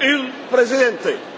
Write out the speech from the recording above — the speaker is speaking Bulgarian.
il presidente.